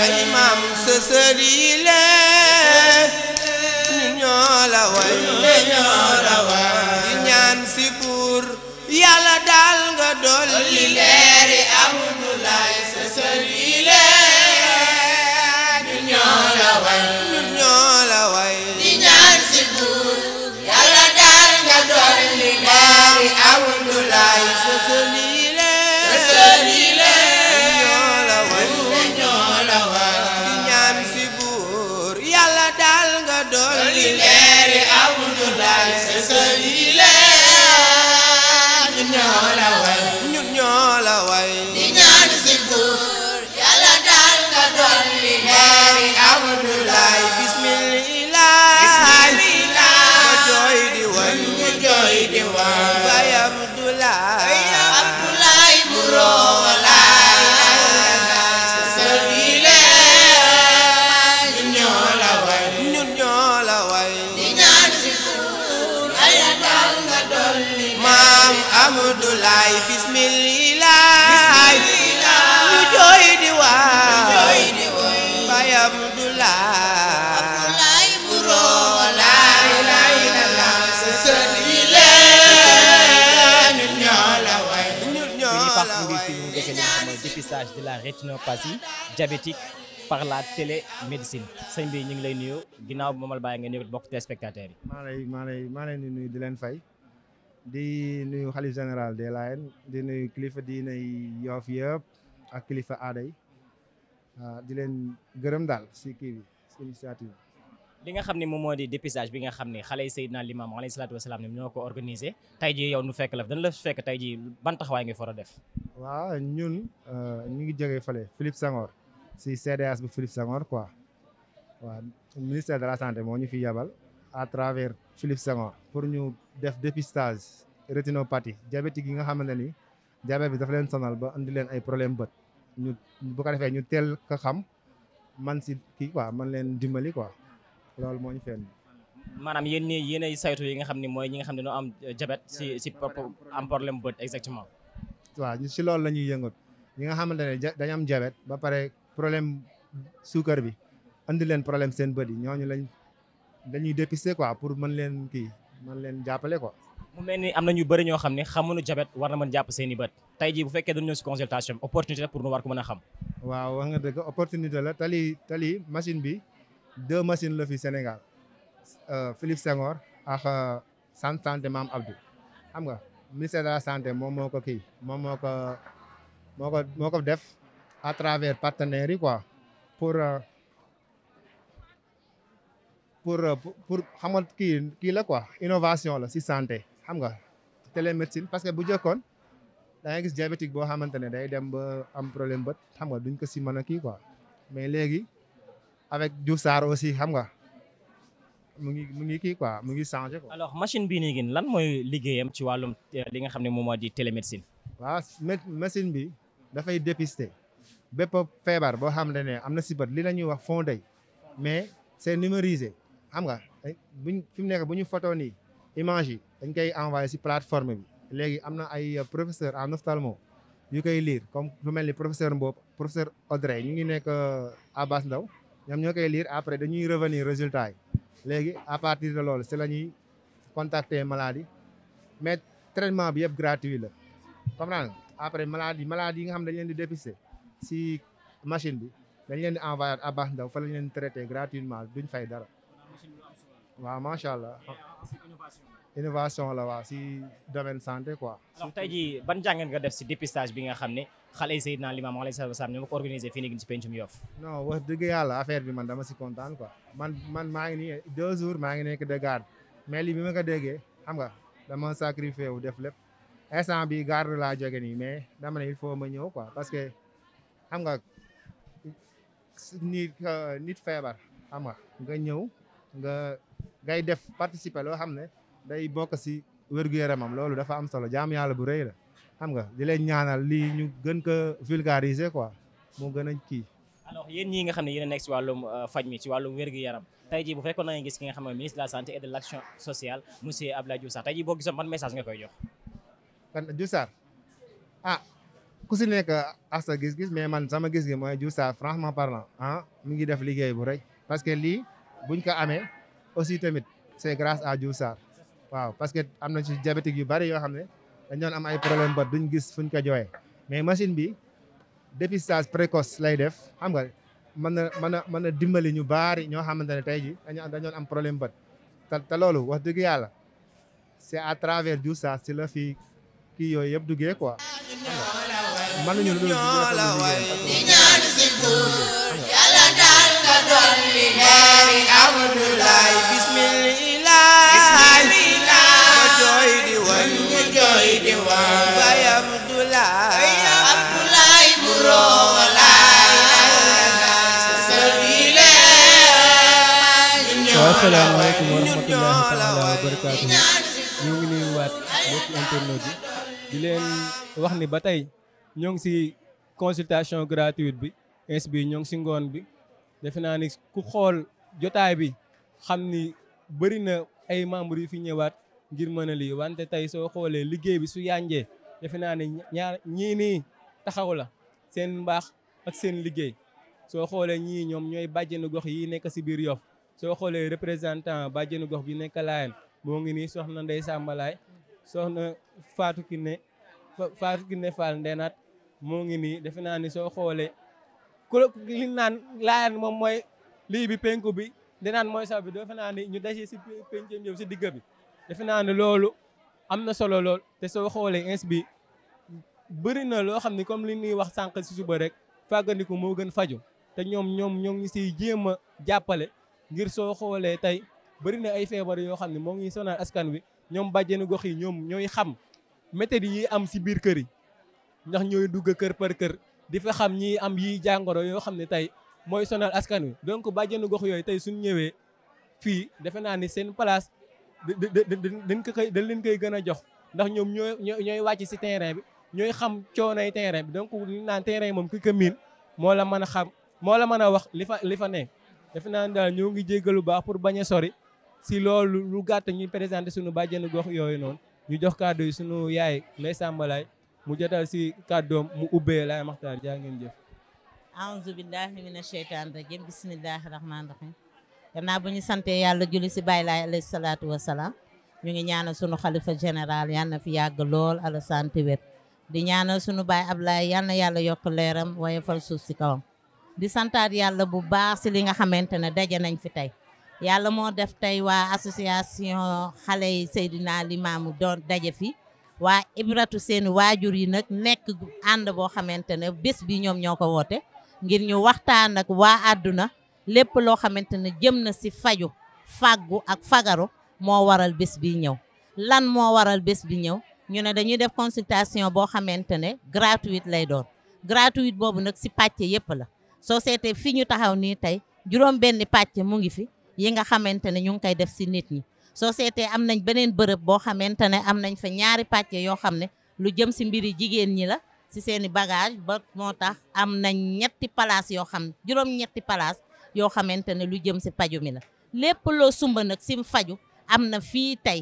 ay maam sa sëriñ la rétinopathie diabétique par la télémédecine sëñ bi ñu ngi lay nuyoo ginnaaw bi moomal bàyyi nga nuyu bokk téléspectateurs yi. maa lay maa lay maa lay nuyu di leen fay di nuyu xalif général des Layènes di nuyu kilifa diine yi Yoff ak kilifa aada yi ah, di leen gërëm daal si kii bi si initiative li nga xamni mom modi dépistage bi nga xamni xalé xale limam alayhi salatu wassalam ñoo ko organiser tay ji yow ñu fekk la dañ la fekk tay ji ban taxaway nga fara def. wa ñun euh, ñi ngi jógee falé Philippe sangor ci CDS bu Philippe sangor quoi wa ministère de la santé mo ñu fi yabal à travers Philippe sangor pour ñu def dépistage rétinopathie diabétique yi nga xamné ni diabète bi dafa leen sonal ba andi leen ay problème bët ñu bu ko défé ñu tel ka xam man ci ki quoi man leen dimbali quoi. loolu moo ñu fenn. maanaam yéen ñii yéen ay saytu yi nga xam ni mooy ñi nga xam ne dañoo am jabet euh, si si am problème bët exactement. waaw ñu si loolu la ñuy yëngat ñi nga xamante ne dañu am jabet ba pare problème suukar bi andi leen problème seen bët yi ñooñu lañ dañuy dépister quoi pour man leen kii mën leen jàppale ko mu mel ni am na ñu bëri ñoo xam ne xamuñu jabet war na man jàpp seen i bët tey jii bu fekkee dañu ñëw si consultation opportunité pour nu war ko mën a xam. waaw wax la tali tali machine bi. deux machines la fi Sénégal euh, Philippe Senghor ak euh, sant santé Maam Abdou xam nga ministère de santé moom moo ko kii moom moo ko moo ko moo ko def à travers partenaires yi quoi pour euh, pour pour xam nga kii kii la quoi innovation la si santé xam nga télémédecine parce que bu jëkkoon da ngay diabétique boo xamante ne day dem ba am problème bët xam nga duñ ko si mën a kii quoi mais léegi avec Diouf aussi xam nga mu ngi mu ngi kii quoi mu ngi changé quoi. alors machine bii nii ngeen lan mooy liggéeyam ci wàllum eh, li nga xam ne moom moo di télémédecine. waaw machine bi dafay dépister bépp feebar boo xam ne am na si bët li la ñuy wax fond d'œil mais c'est numérisé xam nga eh, buñ fi mu nekk bu ñu photo nii image yi dañ koy envoyé si plateforme bi léegi am na ay euh, professeur en ophtalmo yu koy lire comme lu mel ni professeur Mbop professeur Audrey ñu ngi nekk Abass euh, Ndao ñoom ñoo koy lire après dañuy revenir résultat yi léegi à partir de loolu si la ñuy contacter maladie mais traitement bi yëpp gratuit la comprendre après maladie maladie yi nga xam dañ leen di dépister si machine bi dañ leen di envoyé à Bax Ndaw fa lañ leen traité gratuitement duñ fay dara waaw macha allah. Ah, innovation la waa si domaine santé quoi. alors tey jii ban jàngeen nga def si dépistage bi nga xam ne xale yi Seydina Limamou Laye sallallahu alayhi wa sallam ñoo ko organisé fii nii ci pencum Yoff. non wax dëgg yàlla affaire bi man dama si kontaan quoi man man maa ngi nii deux jours maa ngi nekk de garde mais lii bi ma ko déggee xam nga dama sacrifié wu def lépp instant bi garde laa jóge nii mais dama ne il faut ma ñëw quoi parce que xam nga nit euh, nit feebar xam nga nga ñëw nga ngay def participer loo xam ne. day bokk si wér-gu-yaramam loolu dafa am solo jaam yàlla bu rëy la xam nga di leen ñaanal lii ñu gën ko vulgariser ko moo gën a kii. alors yéen ñii nga xam ne yéen nekk si wàllum euh, faj mi si wàllum wér-gu-yaram tey jii bu fekkoon na nga gis ki nga xam ne ministre de la santé et de l' action sociale monsieur Abdoulaye Diouf Sarr tey jii boo gisoon ban message nga koy jox. kan Diouf Sarr ah ku si nekk asta gis-gis mais man sama gis-gis mooy Diouf Sarr franchement parlant ah mi ngi def liggéey bu rëy parce que lii buñ ko amee aussi tamit est grâce à Diouf Sarr waaw parce que am na ci diabétique yu bari yoo xam ne dañu am ay problème ba duñ gis fuñ ko jooyee mais machine bi dépistage précoce lay def xam nga mën na mën a mën a dimbali ñu bari ñoo xamante ne tey jii dañu dañoon am problème bët te te loolu wax dëgg yàlla c'est à travers du ça si la fi kii yooyu yëpp duggee quoi mën nañu lu dul asalaamaaleykum wa rahmatullahi taala wa barakaatu ñu ngi nuyu waat lépp internet bi di leen wax ni ba tey ñoo ngi si consultation gratuite bi ins bi ñoo ngi si ngoon bi defe naa ni ku xool jotaay bi xam ni bëri na ay membres yu fi ñëwaat ngir mën a lii wante tey soo xoolee liggéey bi su yànjee defe naa ne ñaar ñii nii taxaw la seen mbaax ak seen liggéey soo xoolee ñii ñoom ñooy bàjjenu gox yi nekk si biir Yoff soo xoolee représentant bàjjenu gox bi nekk Laayeen moo ngi nii soxna Ndeye Samba Laay soxna Fatou Kiné Fatou Kiné Fall Ndenaat moo ngi nii defe naa ni soo xoolee ku naan Laayeen moom mooy lii bi penku bi Ndenaat mooy saw bi defe naa ni ñu dajee si pencam yëpp si digg bi defe naa ni loolu am na solo lool te soo xoolee ins bi bëri na loo xam ne comme li ñuy wax sànq si suba rek fàggandiku moo gën faju te ñoom ñoom ñoo ngi siy jéem a jàppale ngir soo xoolee tey bëri na ay feebar yoo xam ne moo ngi sonal askan wi ñoom bàjjenu gox yi ñoom ñooy xam méthode yi am si biir kër yi ndax ñooy dugg kër par kër di fa xam ñii am yi jàngoro yoo xam ne tey mooy sonal askan wi donc bàjjanu gox yooyu tey suñ ñëwee fii defe naa ni seen place dañ ko koy dañ leen koy gën a jox ndax ñoom ñooy ñooy wàcc si terrain bi ñooy xam coonoy terrain bi donc li naan terrain moom ki ko miin moo la mën a xam moo la mën a wax li fa li fa ne defe naa ne daal ñoo ngi jéggalu baax pour bañ a sori si loolu lu gàtt ñuy présenté suñu bàjjenu gox yooyu noonu ñu jox kàddu yi suñu yaay Ndeye Samba Laye mu jotal si kàddoom mu ubbee Laye Makhtar jaa ngeen jëf ne billahi mina sheytaan rajim bismillahi rahmaani rahim gannaaw bu ñu sante yàlla julli si bàyyi laay alayhi salaatu wasalaam ñu ngi ñaana sunu xalifa général yal na fi yàgg lool ala sant wér di ñaana sunu baay Ablaye yal na yàlla yokk leeram wayefal suuf si kawam di santaat yàlla bu baax si li nga xamante ne daje nañ fi tey yàlla moo def tey waa association xale yi Seydina Limaamu doon daje fi waa Ibratu seen waajur yi nag nekk ànd boo xamante ne bés bi ñoom ñoo ko woote ngir ñu waxtaan ak waa àdduna lépp loo xamante ne jëm na si faju fàggu ak fagaru moo waral bés bi ñëw lan moo waral bés bi ñëw ñu ne dañuy def consultation boo xamante ne gratuite lay doon gratuite boobu nag si pàcce yépp la soo seetee fii ñu taxaw nii tey juróom benn pàcc mu ngi fi yi nga xamante ne ñu ngi koy def si nit ñi soo seetee am nañ beneen bërëb boo xamante ne am nañ fa ñaari pàcc yoo xam ne lu jëm si mbiri jigéen ñi la si seen i bagage ba moo tax am nañ ñetti place yoo xam juróom ñetti yoo xamante ne lu jëm si paju mi la lépp loo sumba nag sim faju am na fii tey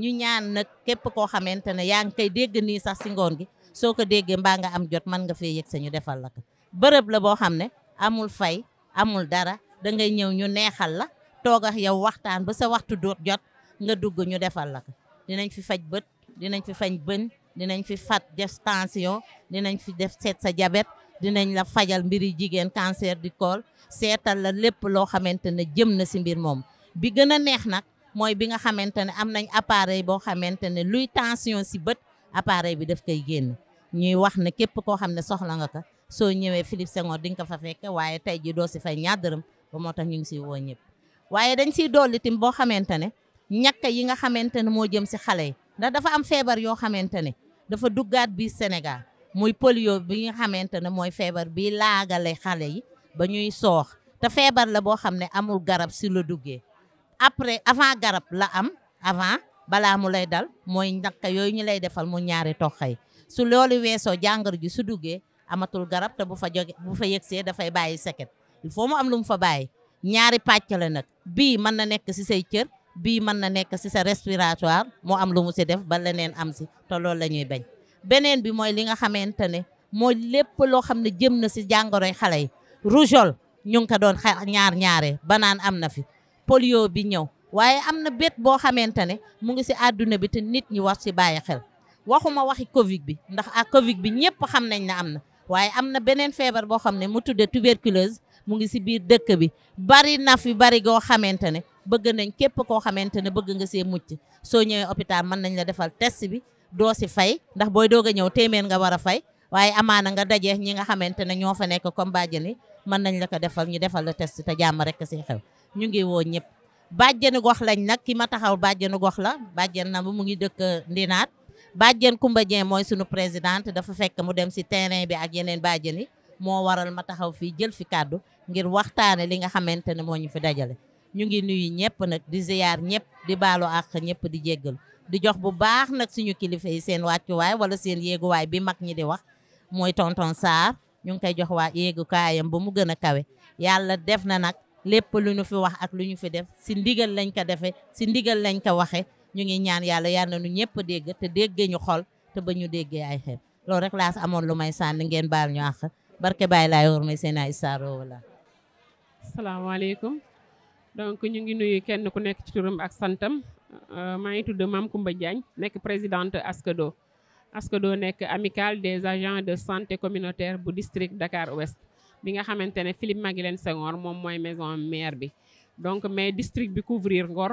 ñu ñaan nag képp koo xamante ne yaa ngi koy dégg nii sax si ngoon gi soo ko déggee mbaa nga am jot mën nga fee yëg sañu defal la ko bërëb la boo xam ne amul fay amul dara da ngay ñew ñu neexal la toog ak yow waxtaan ba sa waxtu do jot nga dugg ñu defal la dinañ fi fajj beut dinañ fi fañ bëñ dinañ fi fat def tension dinañ fi def set sa jabet dinañ la fajal mbiri jigen cancer di kol setal la lepp lo xamantene jëm na si mbir mom bi gëna neex nak moy bi nga xamantene am nañ appareil bo xamantene luy tension si beut appareil bi daf kay genn ñuy wax ne kep ko xamne soxla nga ka soo ñëwee Philippe Senghor di nga ko fa fekk waaye tey ji doo si fay ñaar dërëm ba moo tax ñu ngi siy woo ñëpp waaye dañ siy doo tim boo xamante ne ñàkk yi nga xamante ne moo jëm si xale yi ndax dafa am feebar yoo xamante ne dafa duggaat bi Sénégal muy polio bi nga xamante ne mooy feebar bi laagale xale yi ba ñuy soox te feebar la boo xam ne amul garab si la duggee après avant garab la am avant balaa mu lay dal mooy ñàkk yooyu ñu lay defal mu ñaari toxay su loolu su duggee amatul garab te bu fa jóge bu fa yegsee dafay bàyyi seket il mu am lu mu fa bàyyi ñaari pàcc la nag bii mën na nekk si say cër bii mën na nekk si sa respiratoire mu am lu mu si def ba leneen am si te loolu la ñuy bañ beneen bi mooy li nga xamante ne mooy lépp loo xam ne jëm na si jàngoroy xale yi rougeole ñu ngi ko doon ñaar ñaaree ba naan am na fi polio bi ñëw waaye am na bét boo xamante ne mu ngi si àdduna bi te nit ñi war si bàyyi xel waxuma waxi covid bi ndax a bi ñëpp xam nañ ne na waaye am na beneen feebar boo xam ne mu tudde tuberculose mu ngi si biir dëkk bi bari na fi bari goo xamante ne bëgg nañ képp koo xamante ne bëgg nga see mucc soo ñëwee hôpital mën nañ la defal test bi doo si fay ndax booy doog a ñëw téeméer nga war a fay waaye amaana nga dajee ñi nga xamante ne ñoo fa nekk comme bàjjen yi mën nañ la ko defal ñu defal la test te jàmm rek si xew ñu ngi woo ñëpp bàjjenu gox lañ nag ki ma taxaw bàjjenu gox la bàjjen na bu mu ngi dëkk ndinaat bàjjen Kumba Dieng mooy sunu présidente dafa fekk mu dem si terrain bi ak yeneen bàjjen yi moo waral ma taxaw fii jël fi kàddu ngir waxtaane li nga xamante ne moo ñu fi dajale ñu ngi nuyu ñëpp nag di ziyaar ñëpp di baalu àq ñëpp di jéggalu di jox bu baax nag suñu kilifa yi seen wàccuwaay wala seen yéeguwaay bi mag ñi di wax mooy tonton Sarr ñu ngi koy jox waa yéegukaayam ba mu gën a kawe yàlla def na nag lépp lu ñu fi wax ak lu ñu fi def si ndigal lañ ko defee si ndigal lañ ko waxee ñu ngi ñaan yàlla yàlla nu ñëpp dégg te déggee ñu xol te ba ñu déggee ay xel loolu rek laas amoon lu may sànni ngeen baal ñu àq barke bàyyi laay war may seen ay saaroo wala salaamaaleykum donc ñu ngi nuyu kenn ku nekk ci turam ak santam euh, maa ngi tudd Mame Koumba Diagne nekk présidente ASCADO ASCADO nekk amicale des agents de santé communautaire bu district Dakar Ouest bi nga xamante ne Philippe Maguilène Senghor moom mooy maison mère bi donc mais district bi couvrir Ngor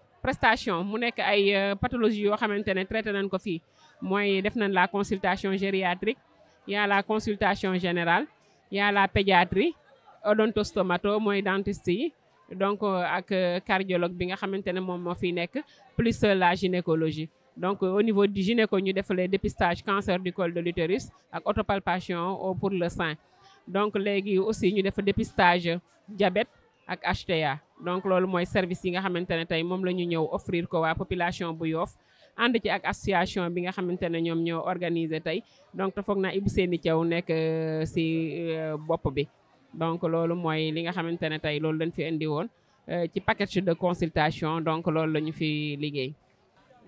prestation mu nek ay euh, pathologie yo xamantene traité ko def la consultation gériatrique y a la consultation générale il y a la pédiatrie odontostomato la dentiste donc euh, ak euh, cardiologue bi nga plus la gynécologie donc au niveau du gynéco ñu def le dépistage cancer du col de l'utérus ak autopalpation pour le sein donc légui aussi ñu def dépistage diabète ak HTA donc loolu mooy service yi nga xamante ne tey moom la ñu ñëw offrir ko waa population bu yoof ànd ci ak association bi nga xamante ne ñoom ñoo organiser tey donc te foog naa Ibou Seyni Thiaw nekk euh, si euh, bopp bi donc loolu mooy li nga xamante ne tey loolu lañ fi indi woon euh, ci package de consultation donc loolu la ñu fi liggéey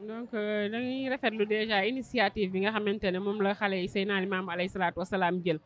donc dañuy rafetlu déjà initiative bi nga xamante ne moom la xale yi Seydina Limaamu alayhi salaatu wasalaam jël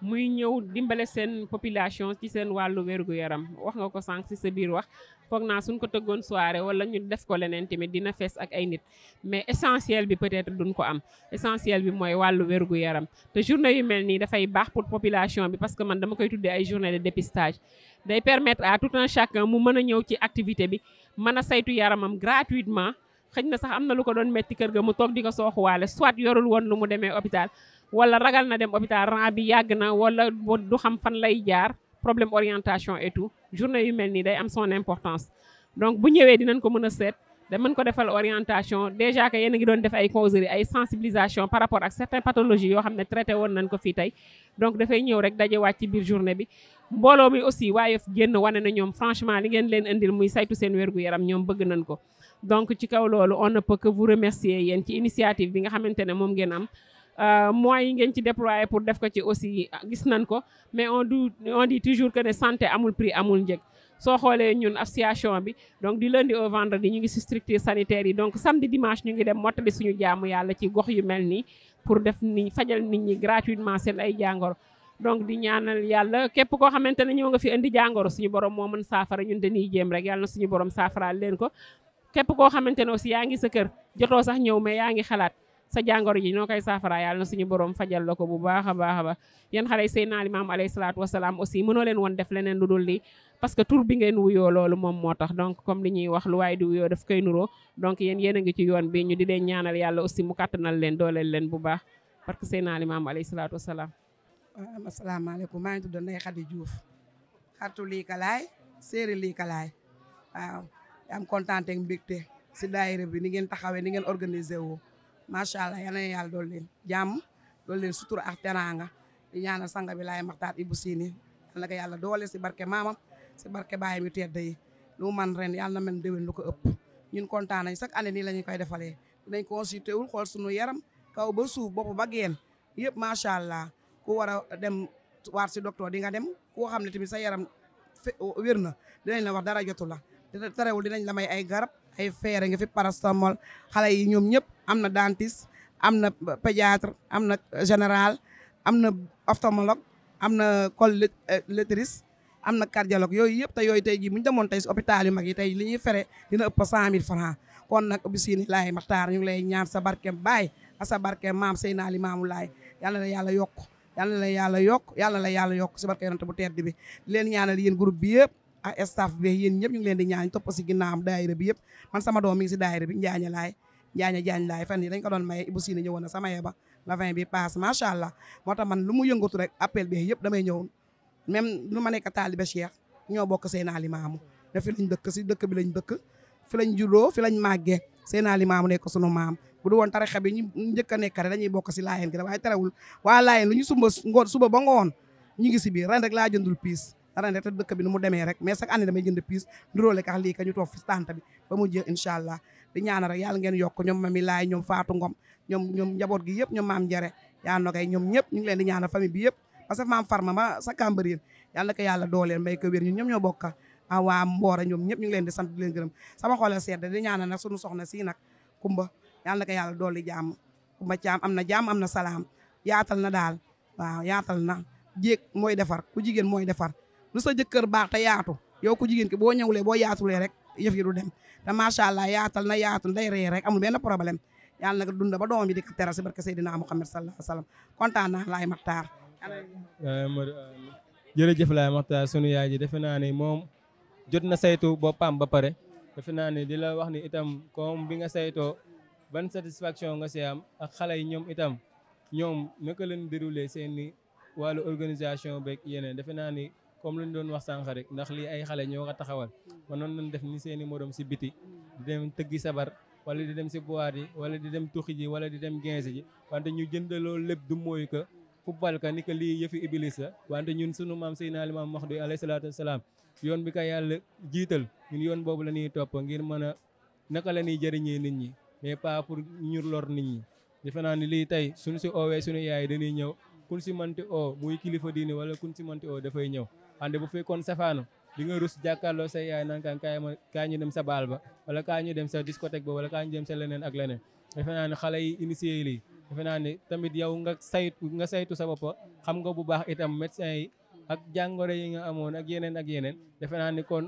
muy ñëw dimbale seen population ci seen wàllu wér yaram wax nga ko sànq ci sa biir wax foog naa suñ ko tëggoon soirée wala ñu def ko leneen tamit dina fees ak ay nit mais essentiel bi peut-être duñ ko am essentiel bi mooy wàllu wér yaram te journée yu mel nii dafay baax pour population bi parce que man dama koy tuddee ay journée de dépistage day permettre à tout un chacun mu mën a ñëw ci activité bi mën a saytu yaramam gratuitement xëj na sax am na lu ko doon metti kër ga mu toog di ko sooxuwaale soit yorul woon lu mu demee hôpital wala ragal na dem hôpital rang bi yàgg na wala du xam fan lay jaar problème orientation et tout journée yu mel nii day am son importance donc bu ñëwee dinañ ko mën a seet da mën ko defal orientation déjà que yéen a ngi doon def ay causerie ay sensibilisation par rapport ak certaines pathologies yoo xam ne traité woon nañ ko fii tey donc dafay ñëw rek dajewaat ci biir journée bi mbooloo mi aussi waaye génn wane na ñoom franchement li ngeen leen indil muy saytu seen wér gu ñoom bëgg nañ ko donc ci kaw bi nga xamante ne moom ngeen am Euh, moyens yi ngeen ci déployer pour def ko ci aussi ah, gis nañ ko mais on dit toujours que ne santé amul prix amul njeg soo xoolee ñun association bi donc du lundi au vendredi ñu ngi si structure sanitaire yi donc samedi dimanche ñu ngi dem mottali suñu jaamu yàlla ci gox yu mel nii pour def ni fajal nit ñi gratuitement seen ay jàngoro. donc di ñaanal yàlla képp koo xamante ne ñëw nga fi indi jàngoro suñu borom moo mën saafara ñun dañuy jéem rek yàlla suñu borom saafara leen ko képp koo xamante ne aussi yaa ngi sa kër jotoo sax ñëw mais yaa ngi xalaat. sa jàngoro ji noo safara saafara yàlla suñu borom fajal lako bu baakha baakha ba yeen xalé sayna al imam alayhi salatu wassalam aussi mëno len won def lenen li parce que tur bi ngeen wuyo lolou mom motax donc comme li ñuy wax lu way di wuyo daf koy nuro donc yeen yéen nga ci yoon bi ñu di len ñaanal yalla aussi mu kàttanal len dooleel len bu baax parce que al imam alayhi wassalam assalamu alaykum ma ngi tudd Ndeye Khady Diouf xartu li kalaay séeri li kalaay waaw am contenté ak mbégte si daayira bi ni ngeen taxawé ni ngeen organiser wu macha allah yal na yàlla dool leen jàmm dool leen sutura ak teraanga di ñaanal sanga bi laay maxtaar ibu siini yal na ko yàlla doole si barke maamam si barke baayam yu tedd yi lu man ren yàlla na mel déwén lu ko ëpp ñun kontaan nañ chaque année nii lañu ñu koy defalee dinañ consulté wul xool sunu yaram kaw ba suuf bopp ba geen yëpp macha allah ku war a dem waar si docteur di nga dem koo xam ne tamit sa yaram wér na dinañ la wax dara jotu la terewul dinañ la may ay garab ay feere nga fi paracétamol xale yi ñoom ñëpp am na dentiste am na pédiatre am na général am na ophtalmologue am na collettriste am na cardiologue yooyu yëpp te yooyu tey jii bu ñu demoon tey si hôpital yu mag yi tey li ñuy fere dina ëpp cent mille francs kon nag Bichri Laay Maxtaar ñu ngi lay ñaan sa barkeem baay a sa barkeem maam Seydina Limaamu Laay yàlla na yàlla yokk yàlla na yàlla yokk yàlla na yàlla yokk si barke yonante bu tedd bi leen ñaanal yéen groupe bi yëpp ak ah, eh, staff bi yéen ñëpp ñu ngi leen di ñaan topp si ginnaawam daayira bi yëpp man sama doom mi ngi si daayira bi njaaña laay njaaña jaañ laay fan yi dañ ko doon maye Ibou Sine ñëwoon na sama yeba la fin bi passe macha allah moo tax man lu mu rek appel bi yëpp damay ñëw même lu ma nekk taalibe Cheikh ñoo bokk Seydina Limaamu da fi lañ dëkk si dëkk bi lañ dëkk fi lañ juddoo fi lañ màggee Seydina Limaamu nekk sunu maam bu du woon tarixa bi ñu njëkk a nekk dara ne te dëkk bi nu mu demee rek mais chaque année damay jënd piis nduróole kax lii ka ñu toog fi tànt bi ba mu jeex incha allah ñaana rek yàlla ngeen yokk ñoom mami laay ñoom faatu ngom ñoom ñoom njaboot gi yëpp ñoom maam njare yaa nogay ñoom ñëpp ñu ngi leen di ñaanal famille bi yëpp parce que maam farma ma sa kàmbar yéen yàlla na ko yàlla dooleel may ko wér ñun ñoom ñoo bokka a waa mboora ñoom ñëpp ñu ngi leen di sant di leen gërëm sama xol sedd yàlla na ko yàlla dooli jàmm kumba am na jàmm am na salaam yaatal na daal waaw yaatal na jéeg mooy defar ku jigéen mooy defar lu sa jëkkër baax te yaatu yow ku jigéen ki boo ñëwlee boo yaatulee rek yëf yi dem te macha allah yaatal na yaatu day ree rek amul benn problème yàlla nag dunda ba doomam bi di ko teral si barke Seydina Muhammad sallallahu alayhi wa sallam kontaan naa laay Maxtaar. jërëjëf laay Maxtaar ji defe naa ne moom jot na saytu boppam ba pare defe naa ne di la wax ni itam koom bi nga saytoo ban satisfaction nga si am ak xale yi ñoom itam ñoom naka leen déroulé seen i wàllu organisation beeg yeneen defe naa ni. comme lu ñu doon wax sànq rek ndax lii ay xale ñoo ko taxawal mënoon nañ def ni seen i morom si biti di dem tëggi sabar wala di dem si boîte yi wala di dem tuxi ji wala di dem ginze ji wante ñu jëndaloo lépp du mooy que football ka ni que lii yëfi iblis la wante ñun sunu maam seynaa Seydina Limaamu Mahdi alayhi salaatu wasalaam yoon bi ka yàlla jiital ñun yoon boobu la ñuy topp ngir mën a naka la ñuy jëriñee nit ñi mais pas pour ñu lor nit ñi defe naa ni lii tey suñu si oowee suñu yaay dañuy ñëw kun si manti muy kilifa diine wala kun si dafay ñëw wante bu fekkoon safaanu di nga rus jàkkaarloo sa yaay naa ne xale yi naa ne tamit yow nga saytu nga saytu sa bopp xam nga bu baax itam médecin yi ak jàngoro yi nga amoon ak yeneen ak yeneen defe naa ni kon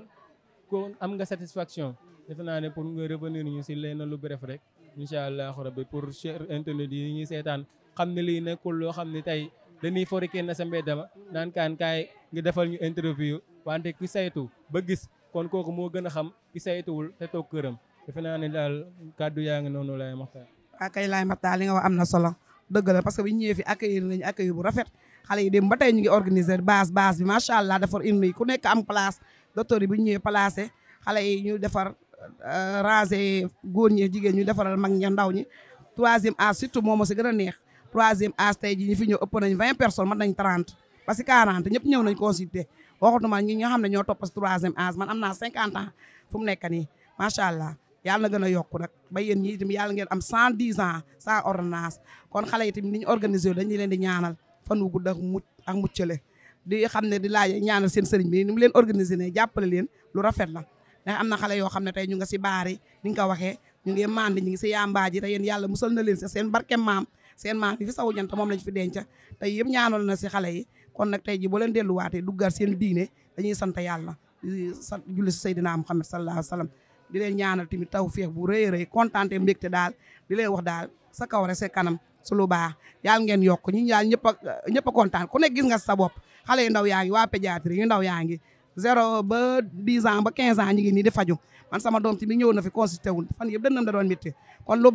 kon am nga satisfaction defe naa ne pour nga revenir ñu si na lu bref rek incha allah rabbi pour cher internet yi ñuy seetaan xam ne lii nekkul loo xam ne tey dañuy fori kenn sa mbedd ma naan kaan kaay nga defal ñu interview wante ki saytu ba gis kon kooku moo gën a xam ki saytuwul te toog këram defe naa ne daal kàddu yaa ngi noonu laay maxtaar ak ah, kay laay maxtaar li nga wax am na solo dëgg la parce que bi fi accueillir nañu bu rafet xale yi dem ba ñu ngi organiser base base bi macha allah defar indi ku nekk am place docteur yi bu ñu ñëwee placé xale yi ñu defar euh, ranger góor ñi jigéen ñu defaral mag ña ndaw ñi troisième âge surtout moom moo si gën a neex troisième âge tey jii ñu fi ñëw ëpp nañ vingt personnes mën nañ trente ba si quarante ñëpp ñëw nañ consulter waxatuma ñi ñoo xam ne ñoo man am naa cinquante ans fu mu nekk nii allah yàlla na gën a yokk nag ba yéen ñi itam yàlla ngeen am cent dix ans sans ordonnance kon xale yi tamit ni ñu organisé dañu leen di ñaanal fan wu gudd ak mucc di xam ne di laaj ñaanal seen sëriñ bi ni mu leen organisé ne jàppale leen lu rafet la ndax na xale yoo xam ne tey ñu nga si baari ni nga ko waxee ñu ngi mandi ñu ngi si na leen seen maam yi fi sawu jant moom lañ fi denca tey yëpp ñaanoon na si xale yi kon nag tey ji boo leen delluwaatee duggaat seen diine dañuy sant yàlla di sant julli si Seydina Muhammad sallallahu alayhi wa sallam di leen ñaanal tamit taw feex bu rëy rëy kontaan te daal di leen wax daal sa kaw rek sa kanam su lu baax yàlla ngeen yokk ñun yàlla ñëpp a ñëpp kontaan ku ne gis nga sa bopp xale yu ndaw yaa ngi waa pédiatrie yu ndaw yaa ngi zéro ba dix ans ba quinze ans ñu ngi nii di faju man sama doom ci ñëw na fi consulté wul fan yëpp dënnam da doon métti kon lu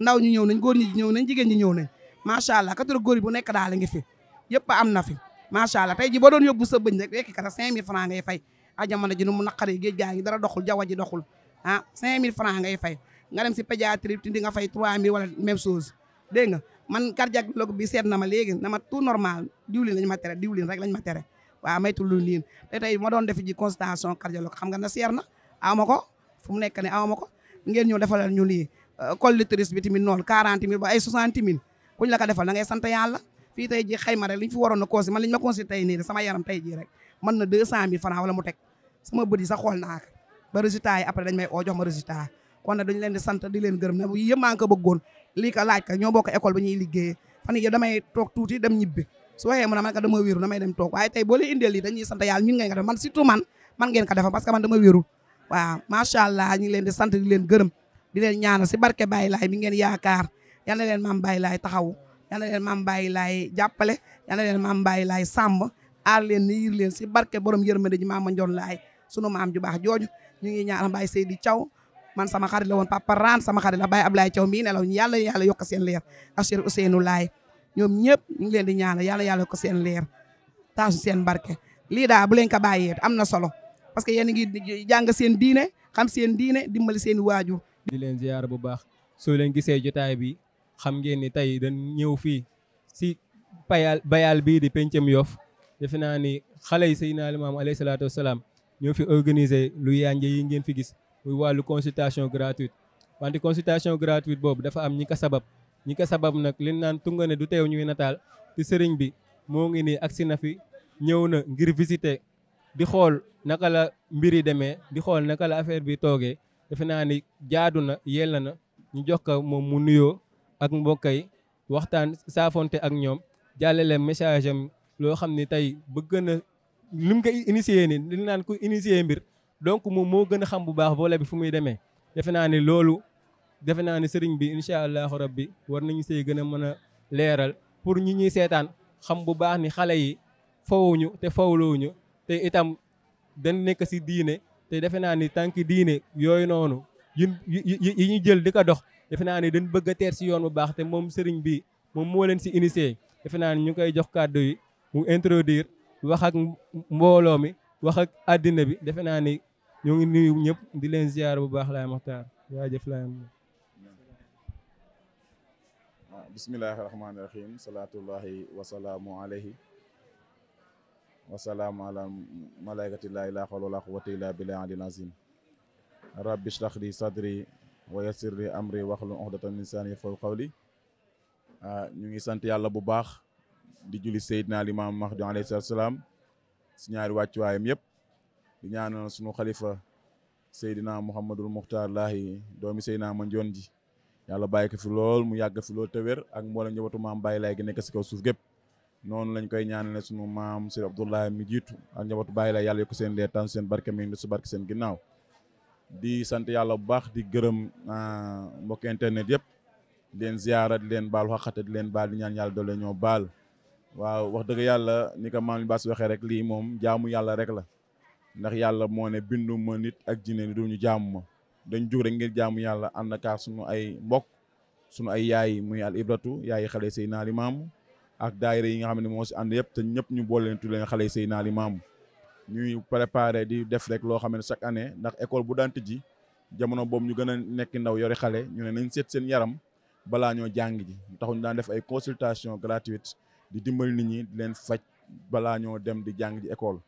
ndaw ñi ñëw nañ góor ñi ñëw nañ jigéen ñi ñëw nañ macha allah quatre góor yi bu nekk daal ngi fi yëpp am na fi macha allah tey ji boo doon yóbbu sa bëñ rek rekki kata cinq mille nga ngay fay a jamono ji nu mu naqaree géej gaa ngi dara doxul jaww ji doxul ah cinq mille francs ngay fay nga dem si pédiatrie ti nga fay trois mille wala même chose dégg nga man cardiologue bi seet na ma léegi na ma tout normal diwlin lañ ma tere diwlin rek lañ ma tere waaw maytul lu liin te tey ma doon def ji consultation cardiologue xam nga na seer na aw ko fu mu nekk ne ngeen ñëw defalal ñu lii Eh, collectrice bi timi nol 40000 ba ay 60000 kuñ la ko defal da ngay sante yalla fi tay ji xeyma rek liñ fi waroon a man liñ ma consi tay ni sama yaram tay ji rek man na 200000 cent wala mu tek sama bët yi sax xool naa ko ba resultat yi après dañ may o jox ma resultat kon na dañ leen di sante di leen gërëm ne yëpp ko bëggoon li ka laaj ka ñoo bokk école ba ñuy liggéeyee fan yii damay tok tuuti dem ñibbi su waxe mo na man ka dama wëru damay dem toog waaye tey boo leen indeel yi dañuy sante yalla ñun ngay nga man surtout man man ngeen ka defal parce que man dama wéeru waaw macha allah ñu leen di sante di leen gërëm di leen ñaanal si barke Baye Laay mi ngeen yaakaar yal na leen maam Baye Laay taxaw yal na leen maam Baye Laay jàppale yal na leen maam Baye Laay sàmm aar leen ni yir leen si barke borom yërmande ji maama Njoon Laay sunu maam ju baax jooju ñu ngi ñaanal Baye Seydi Thiaw man sama xarit la woon Papa Ran sama xarit la Baye Ablaye Thiaw mii ne la yàlla yàlla yokk seen leer ak Cheikh Ousseynou Laay ñëpp ñu ngi leen di ñaanal yàlla yàlla yokk seen leer taasu seen barke lii daal bu leen ko bàyyee am na solo parce que a ngi seen diine xam seen diine dimbali seen waajur di leen ziar bu baax soo leen gisee jotaay bi xam ngeen ni tey dañ ñëw fii si bayal bayal bii di pencam Yoff defe naa ni xale yi Seydina Limaamu alayhi salaatu wasalaam ñoo fi organiser lu yànje yi ngeen fi gis muy wàllu consultation gratuite wante consultation gratuite boobu dafa am ñi ko sabab ñi ko sabab nag li naan tungane du teew ñuy nataal te sëriñ bi moo ngi nii agsi na fi ñëw na ngir visité di xool naka la mbir yi demee di xool naka la affaire bi toogee defe naa ni jaadu na yella na ñu jox ko moom mu nuyoo ak mbokk yi waxtaan saafonte ak ñoom jàllale message am loo xam ni tey bëgg na lim ko initié ni li naan ku initié mbir donc moom moo gën a xam bu baax volet bi fu muy demee defe naa ni loolu defe naa ni sëriñ bi incha allahu rabbi war nañu sey gën a mën a leeral pour ñu ñuy seetaan xam bu baax ni xale yi fowuñu te fowlowuñu te itam dañ nekk si diine te defe naa ni tànk diine yooyu noonu yi yi ñu jël di ko dox defe naa ni dañ bëgg a teer si yoon bu baax te moom sëriñ bi moom moo leen si initié defe naa ni ñu koy jox kàddu yi mu introduire wax ak mbooloo mi wax ak àddina bi defe naa ni ñoo ngi nuyu ñëpp di leen ziar bu baax laay maxtaar jaajëf laay ah, bismillahi rahmaani rahim salaatullahi wasalaamu alayhi wasalaamu ala malaikatillahi la hawla wala quwwata illa billah alil azim rabbi shrah li sadri wa yassir li amri wahlul uqdatan min lisani yafqahu qawli ah, ñu ngi sant yàlla bu baax di julli Seydina Limaam max alayhi salaam si ñaari wàccuwaayam yëpp di ñaanal sunu xalifa Seydina Mouhamadul Muxtaar Laahi doomi Seydina Mandione ji yàlla bàyyi ko fi lool mu yàgg fi lool te wér ak mboolem njabootu maam Baye Laay gi nekk si kaw suuf gépp noonu lañ koy ñaan ñaanale sunu maam Sëriñ Abdoulaye mi jiitu ak njabootu bàyyi la yàlla yokk seen dee tànn seen barke mi su barke seen ginnaaw di sant yàlla bu baax di gërëm ah, mbokk internet yëpp di leen ziara di leen baal waxate di leen baal di ñaan yàlla doole ñoo baal waaw wax dëgg yàlla ni ko maam li baas waxee rek lii moom jaamu yàlla rek la ndax yàlla moo ne bindu ma nit ak jinne du ñu jaamu ma dañ jug rek ngir jaamu yàlla ànd kaa sunu ay mbokk sunu ay yaay muy al ibratu yaay xale say naa ak daayira yi nga xam ne moo si ànd yëpp te ñëpp ñu boole leen tudd leen xale yi Seydina Limaamu ñuy préparer di def rek loo xam ne chaque année ndax école bu daan tijji jamono boobu ñu gën a nekki ndaw yori xale ñu ne nañ seet seen yaram balaa ñoo jàng ji taxu ñu daan def ay consultation gratuite di dimbali nit ñi di leen faj balaa ñoo dem di jàng ji école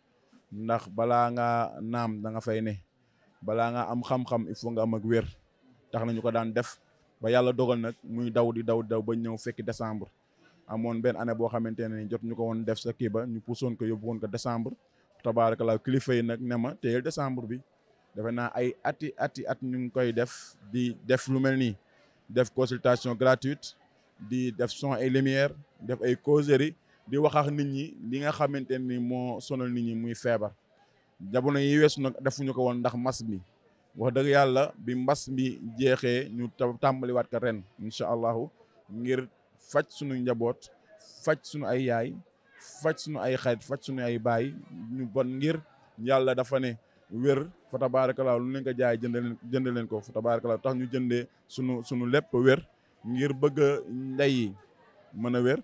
ndax balaa nga naam da nga fay ne balaa nga am xam-xam il faut nga am ak wér tax nañu ko daan def ba yàlla dogal nag muy daw di daw daw ba ñëw fekki décembre amoon benn année boo xamante ne ni jot ñu ko woon def sa kii ba ñu puusoon ko yóbbu woon ko décembre tabaarakallaa kilifa yi nag ne ma téyel décembre bi defe na ay ati ati at ñu ngi koy def di def lu mel nii def consultation gratuite di def son ay lumière def ay causerie di wax nit ñi li nga xamante ni moo sonal nit ñi muy feebar jamono yi weesu nag defuñu ko woon ndax mbas mi wax dëgg yàlla bi mbas mi jeexee ñu tàmbaliwaat ko ren incha allahu faj sunu njaboot faj sunu ay yaay faj sunu ay xarit faj sunu ay baay ñu bon ngir yàlla dafa ne wér fa tabaarakallaa lu leen ko jaay jënd leen jënd leen ko fa tabaarakallaa tax ñu jënde sunu sunu lépp wér ngir bëgg a ndey mën a wér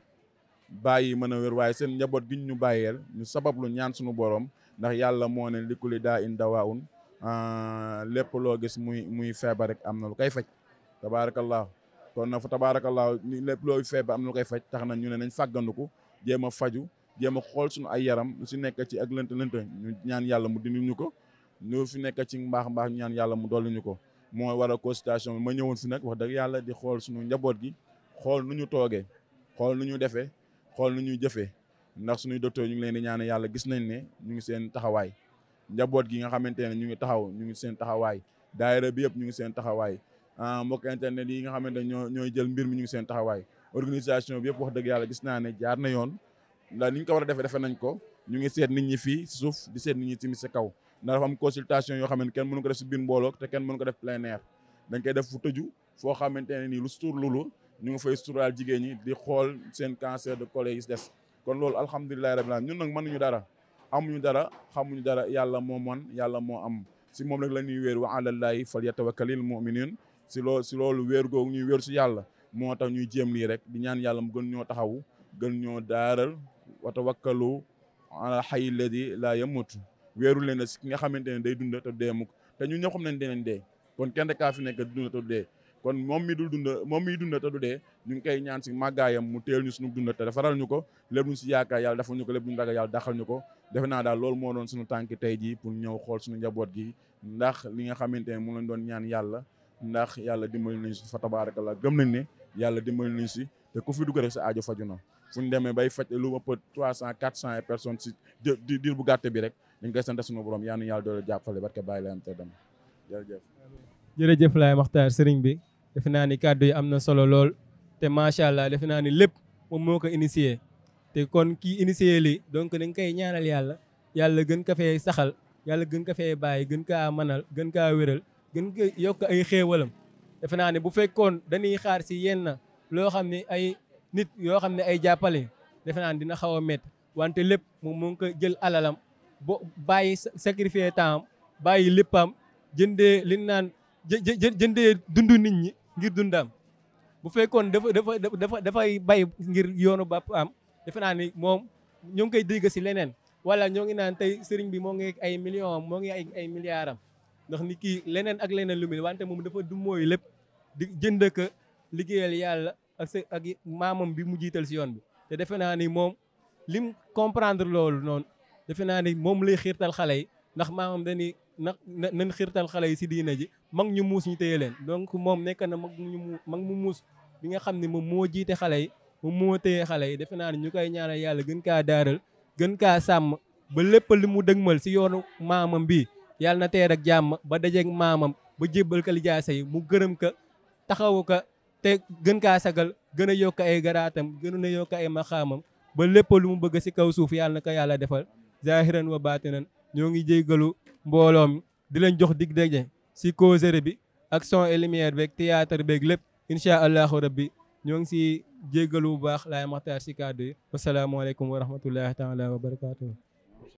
baay mën a wér waaye seen njaboot gi ñu bàyyeel ñu sabablu ñaan sunu boroom ndax yàlla moo ne likuli daa in dawaawun ah, lépp loo gis muy muy feebar am na lu koy faj tabaarakallaa kon na fa tabaarakallah ni lépp looy feebar am na koy faj tax na ñu ne nañ fàggandiku jéem a faju jéem a xool suñu ay yaram lu si nekk ci ak lënt lënt ñu ñaan yàlla mu dindi ñu ko ñu si nekk ci mbaax mbaax ñu ñaan yàlla mu dolli ko moo waral consultation bi ma ñëwoon si nag wax dëgg yàlla di xool suñu njaboot gi xool nu ñu toogee xool nu ñu defee xool nu ñuy jëfee ndax suñuy docteur ñu ngi leen di ñaan yàlla gis nañ ne ñu ngi seen taxawaay njaboot gi nga xamante ne ñu ngi taxaw ñu ngi seen taxawaay daayira bi yëpp ñu ngi seen taxawaay Ah, mbokk internet yi nga xamante ne ñoo ñooy jël mbir mi ñu ngi seen taxawaay organisation bi yëpp wax dëgg yàlla gis naa ne jaar na yoon la ni ñu ko war a defee defe nañ ko ñu ngi seet nit ñi fii si suuf di seet nit ñi tamit si kaw ndax dafa am consultation yoo xam ne kenn mënu ko def si biir mbooloo te kenn mënu ko def plein air dañ koy def fu tëju foo xamante ne nii lu sutur lulu ñu ngi fay suturaal jigéen ñi di xool seen cancer de col yi des kon loolu alhamdulilahi rabbil alamin ñun nag mënuñu dara amuñu dara xamuñu dara yàlla moo man yàlla moo am si moom rek la ñuy wéer wa alallaahi fal yatawakkalil muminun si loo si loolu wéer googu ñuy wéer si yàlla moo tax ñuy jéem lii rek di ñaan yàlla mu gën ñoo taxawu gën ñoo daaral wa tawakkalu ala hayyi lladi laa yamut wéeru leen si ki nga xamante ne day dund te dee mukk te ñun ñëpp xam nañ dinañ dee kon kenn kaa fi nekk di dund te kon moom mi dul dund moom miy dund te du dee ñu ngi koy ñaan si màggaayam mu teel ñu suñu dund te defaral ñu ko lépp ñu si yaakaar yàlla defal ñu ko lépp ñu ragal yàlla daxal ñu ko defe naa daal loolu moo doon suñu tànk tey jii pour ñëw xool suñu njaboot gi ndax li nga xamante ne mu lañ doon ñaan yàlla ndax yàlla dimbali nañ si fa tabaaraka la gëm nañ ne yàlla dimbali nañ si te ku fi dugg rek sa aajo faju na fu ñu demee bay faj lu ëpp trois cent quatre cent et personnes si diir bu gàtte bi rek dañ koy sant suñu borom yaa nu yàlla doole jàppale barke bàyyi la am te dem jërëjëf jërëjëf laay Maxtaar sëriñ bi defe naa ni kàddu yi am na solo lool te macha allah defe naa ni lépp moom moo ko initié te kon kii initié li donc dañ koy ñaanal yàlla yàlla gën ka fee saxal yàlla gën ka fee bàyyi gën kaa manal gën kaa wéral gën ko yokk ay xéewalam defe naa ne bu fekkoon dañuy xaar si yenn loo xam ne ay nit yoo xam ne ay jàppale defe naa ne dina xaw a wante lépp moom mu ngi ko jël alalam bo bàyyi sacrifier temps bàyyi léppam jëndee li naan jëndee dund nit ñi ngir dundam bu fekkoon dafa dafa dafa dafay bay ngir yoonu boppam defe naa ni moom ñoo ngi koy dégg si leneen wala ñoo ngi naan tey sëriñ bi moo ngi ay million moo ngi ay ay milliards am ndax ni kii leneen ak leneen lu muy wante moom dafa du mooy lépp di jënd ka liggéeyal yàlla ak sa ak maamam bi mu jiital si yoon bi te defe naa ni moom lim comprendre loolu noonu defe naa ni moom lay xiirtal xale yi ndax maamam dañuy na nañ xiirtal xale yi si diina ji mag ñu muus ñu téye leen donc moom nekk na mag mu mag mu muus bi nga xam ne moom moo jiite xale yi moom moo téye xale yi defe naa ni ñu koy ñaanal yàlla gën kaa daaral gën kaa sàmm ba lépp li mu dëgmal si yoonu maamam bi yàlla na teer ak jàmm ba dajeeg maamam ba jébbal ka lijaasa yi mu gërëm ka taxawu ka te gën kaa sagal gën a yokk ay garaatam gën a yokk ay maxaamam ba lépp lu mu bëgg si kaw suuf yàlla na ko yàlla defal zahiran wa baatinan ñoo ngi jéggalu mbooloo mi di leen jox dig daje si causerie bi ak son et lumière beeg théâtre beeg lépp incha allahu rabbi ñoo ngi si jéggalu bu baax laay maxtaar si kàddu yi wasalaamualeykum wa rahmatullahi taala wa barakatuh